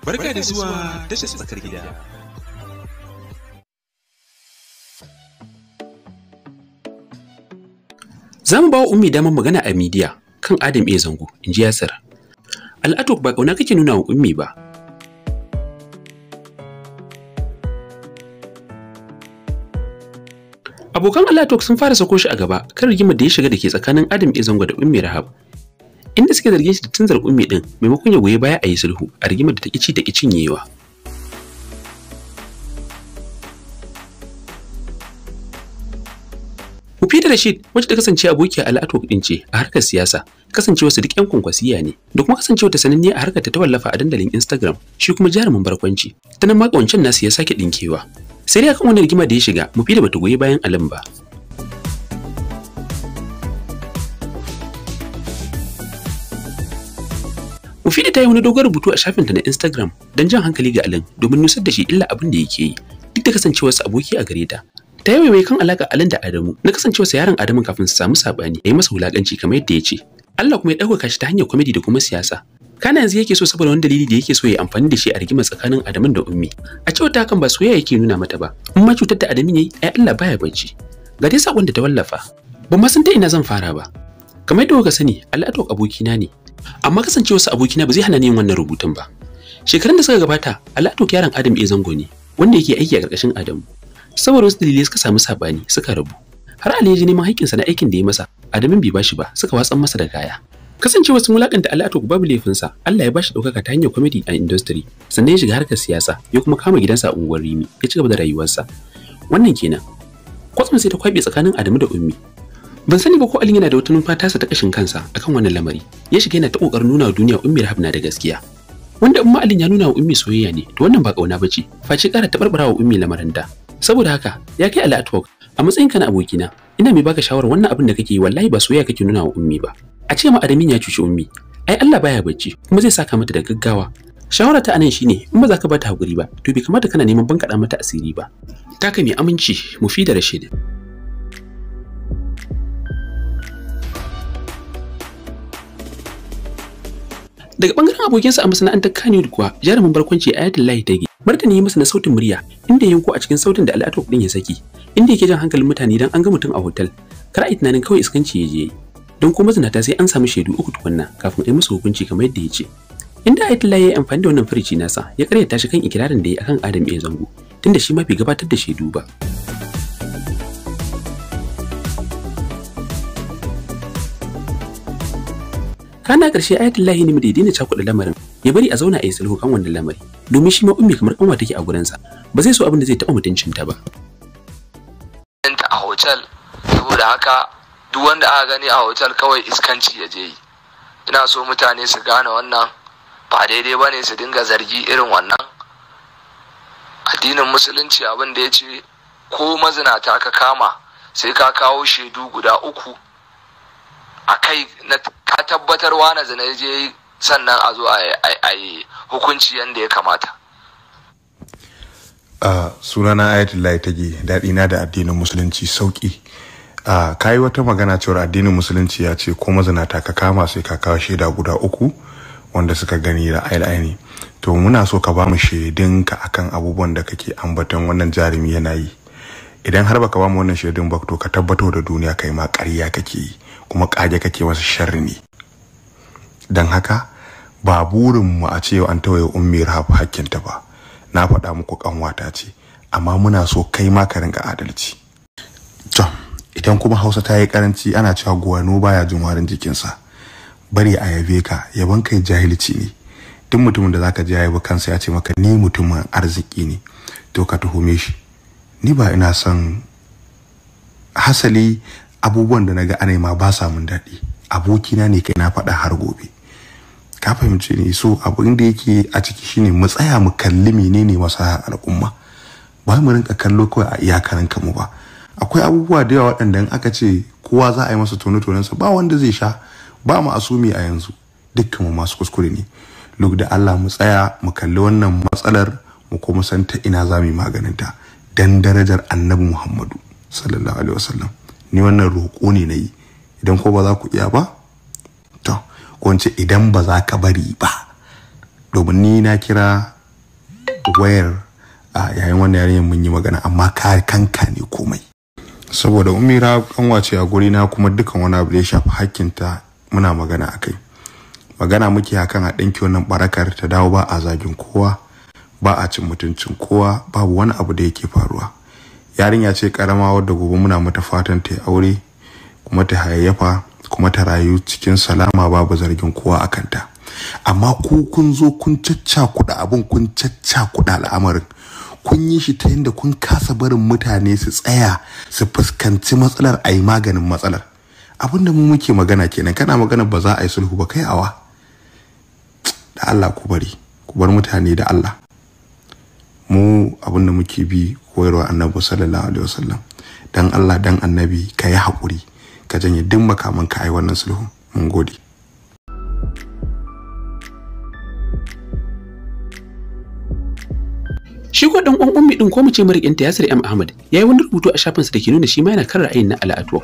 Barka da zuwa tashar tsakar gida. Za mu ba wa Ummi damar magana a midiya kan Adam A. Zango, in ji Yasir. Al'adu ba kauna kake nuna wa Ummi ba. Abokan Alatok sun fara sako shi a gaba kan rigimar da ya shiga da ke tsakanin Adam A. Zango da Ummi Rahab inda suke zargin shi da zargin ummi din maimakon ya goyi baya a yi sulhu a rigimar da ta kici ta kicin yewa Hufida Rashid wacce ta kasance abokiya a la'ato din ce a harkar siyasa kasancewa su duk yan kwankwasiya ne da kuma kasancewa ta sananne a harkar ta tawallafa a dandalin Instagram shi kuma jarumin barkwanci ta nan ma wancan nasu ya sake dinkewa sai dai akan wani rigima da ya shiga Mufida bata goyi bayan Alan ba Mufida ta yi wani dogon rubutu a shafinta na Instagram don jan hankali ga Alin domin nusar da shi illa abin da yake yi duk da kasancewarsa aboki a gare ta. Ta yi kan alaƙa Alin da Adamu na kasancewarsa yaron Adamu kafin su samu saɓani ya yi masa wulaƙanci kamar yadda ya ce. Allah kuma ya ɗaukaka shi ta hanyar kwamidi da kuma siyasa. Kana yanzu yake so saboda wani dalili da yake so ya amfani da shi a rigima tsakanin Adamu da Ummi. A cewar ta hakan ba soyayya yake nuna mata ba, in ma cutar da Adamu ne? ai Allah baya bacci. Ga dai sakon da ta wallafa. Ban ma san ta ina zan fara ba. Kamar yadda kuka sani, Al'atok abokina ne, amma kasance wasu abokina ba zai hana ni yin wannan rubutun ba shekarun da suka gabata alato yaran adam e zango ne wanda yake aiki a ƙarƙashin adamu saboda wasu dalilai suka samu saɓani suka rabu har Aliyu ya ji neman haƙƙinsa na aikin da ya masa adamin bai bashi ba suka watsan masa da kaya kasancewa sun wulakanta Alatu babu laifinsa, Allah ya bashi ɗaukaka ta hanyar comedy and industry, sannan ya shiga harkar siyasa, ya kuma kama gidansa a unguwar Rimi, ya ci gaba da rayuwarsa. Wannan kenan. Kwatsam sai ta kwaɓe tsakanin Adamu da Ummi, ban sani ba ko Ali yana da wata tasa ta kashin kansa akan wannan lamari ya shiga yana ta kokarin nuna wa duniya ummi rahab na da gaskiya wanda umma alin ya nuna wa ummi soyayya ne to wannan ba kauna bace face kara barbara wa ummi da. saboda haka ya kai ala atwork a matsayinka na abokina ina mai baka shawara wannan abin da kake yi wallahi ba soyayya kake nuna wa ummi ba a ce ma adamin ya cuci ummi ai Allah baya bacci kuma zai saka mata da gaggawa shawara ta anan shine in ba za ka bata hakuri ba to bai kamata kana neman bankaɗa mata asiri ba taka mai aminci mufi da rashidi. Daga bangaren abokinsa a masana'antar Kannywood kuwa jarumin barkwanci Ayatullahi Dage martani ya masa na sautin murya inda ya yanko a cikin sautin da al'atar kudin ya saki inda yake jan hankalin mutane dan an ga mutum a hotel kar ai tunanin kawai iskanci ya je don kuma zinata sai an samu shaidu uku tukunna kafin ai musu hukunci kamar yadda ya ce. Inda Ayatullahi ya yi amfani da wannan firici nasa ya karyata shi kan ikirarin da ya akan Adam A Zango tunda shi ma bai gabatar da shaidu ba. kana ƙarshe lahi ne mai daina cakuɗa lamarin ya bari a zauna a yi sulhu kan wannan lamari domin shi ma ummi kamar kanwa take a gurinsa ba zai so abin da zai taɓa ta ba. a hotel saboda haka duk wanda aka gani a hotel kawai iskanci ya je yi ina so mutane su gane wannan ba daidai ba ne su dinga zargi irin wannan addinin musulunci abin da ya ce ko mazinata ka kama sai ka kawo shaidu guda uku a kai na a tabbatar wane je sannan a zo a yi hukunci yadda ya kamata Uh, sunana ayatullahi tage daɗina da addinin musulunci sauki a kayi wata magana cewar addinin musulunci ya ce ko mazinata ka kama sai ka kawo shaida guda uku wanda suka gani da ne to muna so ka ba mu shaidinka akan abubuwan da kake ambaton wannan jarumi yana yi idan har baka ba mu wannan shaidin ba to ka tabbatar da duniya kai ma ƙarya kake yi kuma ƙage kake masa sharri ne don haka ba burinmu a cewa an tawaye ummi rahab hakkinta ba na faɗa muku kanwata ce amma muna so kai ma ka rinka adalci to idan kuma hausa ta yi karanci ana cewa guwano baya jin warin jikinsa bari a yabe ka yaban kai jahilci ne duk mutumin da zaka ji yayi kansa ya ce maka ni mutumin arziki ne to ka tuhume shi ni ba ina son hasali abubuwan da naga anai ma ba sa mun daɗi abokina ne kai na faɗa har gobe ka fahimce ni so abin da yake a ciki shine mu tsaya mu kalli menene maslaha al'umma ba mu rinka kallo kawai a iyakarin mu ba akwai abubuwa da yawa waɗanda in aka ce kowa za a yi masa tone sa ba wanda zai sha ba mu asumi a yanzu dukkan mu masu kuskure ne duk da Allah mu tsaya mu kalli wannan matsalar mu kuma san ta ina za mu yi maganinta dan darajar annabi Muhammadu sallallahu alaihi wasallam ni wannan roƙo ne na yi idan ko ba za ku iya ba ko idan ba za ka bari ba domin ni na kira wayar a yayin wannan yarinyar mun yi magana amma ka kanka ne komai saboda umira kanwace a guri na kuma dukkan wani abu da ya shafi hakkinta muna magana a kai magana muke akan a ɗinki wannan barakar ta dawo ba a zagin kowa ba a cin mutuncin kowa babu wani abu da yake faruwa yarinya ce karama wadda gobe muna mata fatan ta yi aure kuma ta hayayyafa kuma ta rayu cikin salama babu zargin kowa a kanta amma ku kun zo kun kuɗa abin kun kuɗa al'amarin kun yi shi ta yadda kun kasa barin mutane su tsaya su fuskanci matsalar a yi maganin matsalar abin da mu muke magana kenan kana magana ba za a yi sulhu ba kai awa da Allah ku bari ku bar mutane da Allah mu abin da muke bi koyarwa annabi sallallahu alaihi wasallam dan Allah dan annabi ka yi haƙuri ka janye duk makaman ka ai wannan sulhu mun gode Shi ko dan uwan ummi din ko mu ce ta, Yasir M Ahmad yayi wani rubutu a shafinsa da ke nuna shi ma yana kan ra'ayin na al'atu.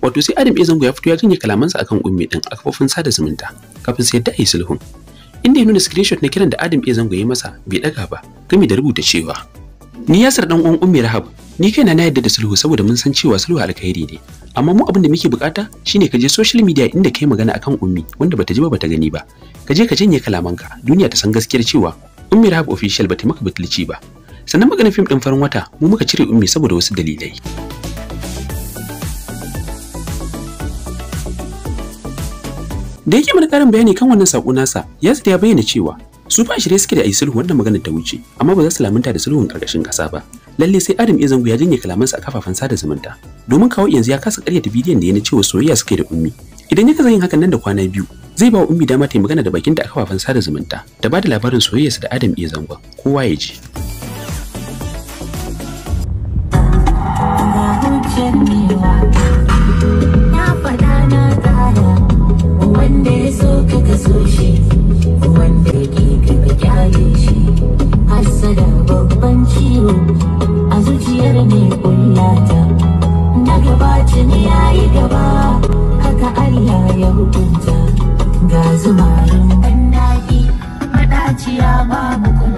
Wato sai Adam Ezango ya fito ya janye kalamansa akan ummi din a kafofin sada zumunta kafin sai da yi sulhun. Inda ya nuna screenshot na kiran da Adam Ezango ya yi masa bai daga ba gami da rubuta cewa ni Yasir dan uwan ummi Rahab ni kaina na yadda da sulhu saboda mun san cewa sulhu alkhairi ne amma mu abin da muke bukata shine ka je social media inda kai magana akan ummi wanda bata ji ba bata gani ba ka je ka janye kalamanka duniya ta san gaskiyar cewa ummi rahab official bata maka butulci ba sannan maganar fim din farin wata mu muka cire ummi saboda wasu dalilai da yake mana karin bayani kan wannan sako nasa ya ya bayyana cewa su fa shirye suke da ayi sulhu wannan maganar ta wuce amma ba za su lamunta da sulhun karkashin kasa ba lalle sai Adam ya zango ya janye kalamansa a kafafen sada zumunta domin kawo yanzu ya kasa karyata bidiyon da ya na cewa soyayya suke da ummi idan ya kaza yin hakan nan da kwana biyu zai ba ummi dama ta yi magana da bakinta a kafafen sada zumunta da ba da labarin soyayyarsa da Adam ya zango kowa ya ji a zuciyar mai kullata na gaba tuni ya yi gaba haka Allah ya hukunta ga zumarin ɗan daɗi maɗaciya babu kuma